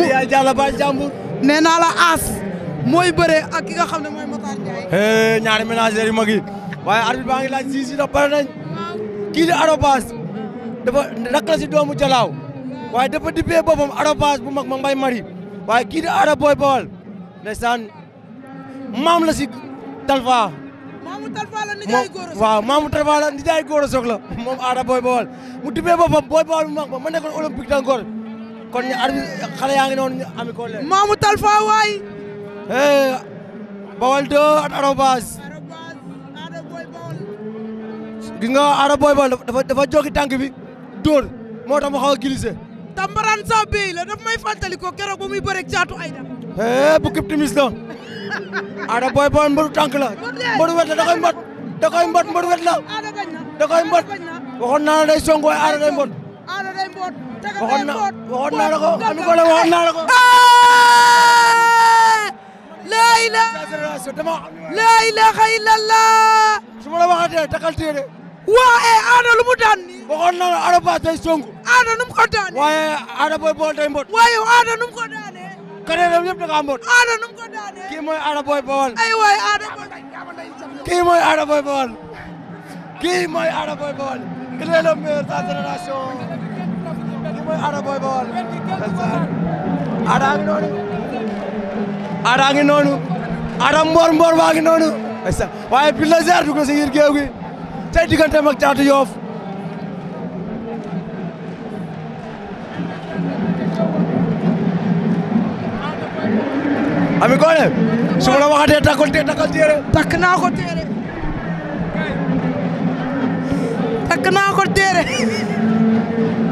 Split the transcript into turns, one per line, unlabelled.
yaay jàlla ba jàmbur aas mooy bëree ak ki nga ne mooy Matar Ndiaye ñaari ménagères yu mag yi waaye arbitre baa ngi laaj si si ndax pare nañ kii di arobas dafa rakk la si doomu jalaaw waaye dafa dippee boppam arobas bu mag ma mbay mari waaye kii di ara booy bawal ndeysaan maam la si maamu la nijaay góor a soog waaw maamu talfa la nijaay góor a soog booy bawal mu dippee boppam booy bawal bu mag ma ma nekkoon olympique d'Angleterre kon ñu arbi xale yaa ngi noonu ñu ami ko leen. Mamou Talfa Bawal 2 at Arobas. nga Ada dafa dafa jokki tànk bi moo tax mu xaw a glissé. Tambaraan sa bi la daf may fàttali ko keroog ba muy bëreeg caatu ay da. Eh, bu képp timis da koy mbot da koy mbot mbëru wet la. da koy mbot waxoon naa la day song waaye Ada day aada day mboot. waxoon na waxoon naa la ko anu ko la waxoon naa la ko. laa ilaaha laa ilaaha illallah. su ma la waxatee takal téere. waa eh aada lu mu daan nii. waxoon naa la aada baas day songu. aada nu mu ko daanee. waaye aada booy bool day mboot. waaye aada nu mu ko daanee. kadeeram yëpp da ngaa mboot. aada nu mu ko daanee. kii mooy aada booy bawal. ay waay aada booy. kii mooy aada booy bawal. kii mooy aada booy bawal. il est le meilleur de sa génération kii mooy Ada Boy Baol. Ada a ngi noonu.
Ada a ngi noonu.
Ada Mboor Mboor baa ngi noonu. waaye bi la ziar dugg na si yir géew gi tey digganteem ak Caatu Yoof Ami Koné su ma la waxatee takkal téere takkal téere. takk naa ko téere. takk naa ko téere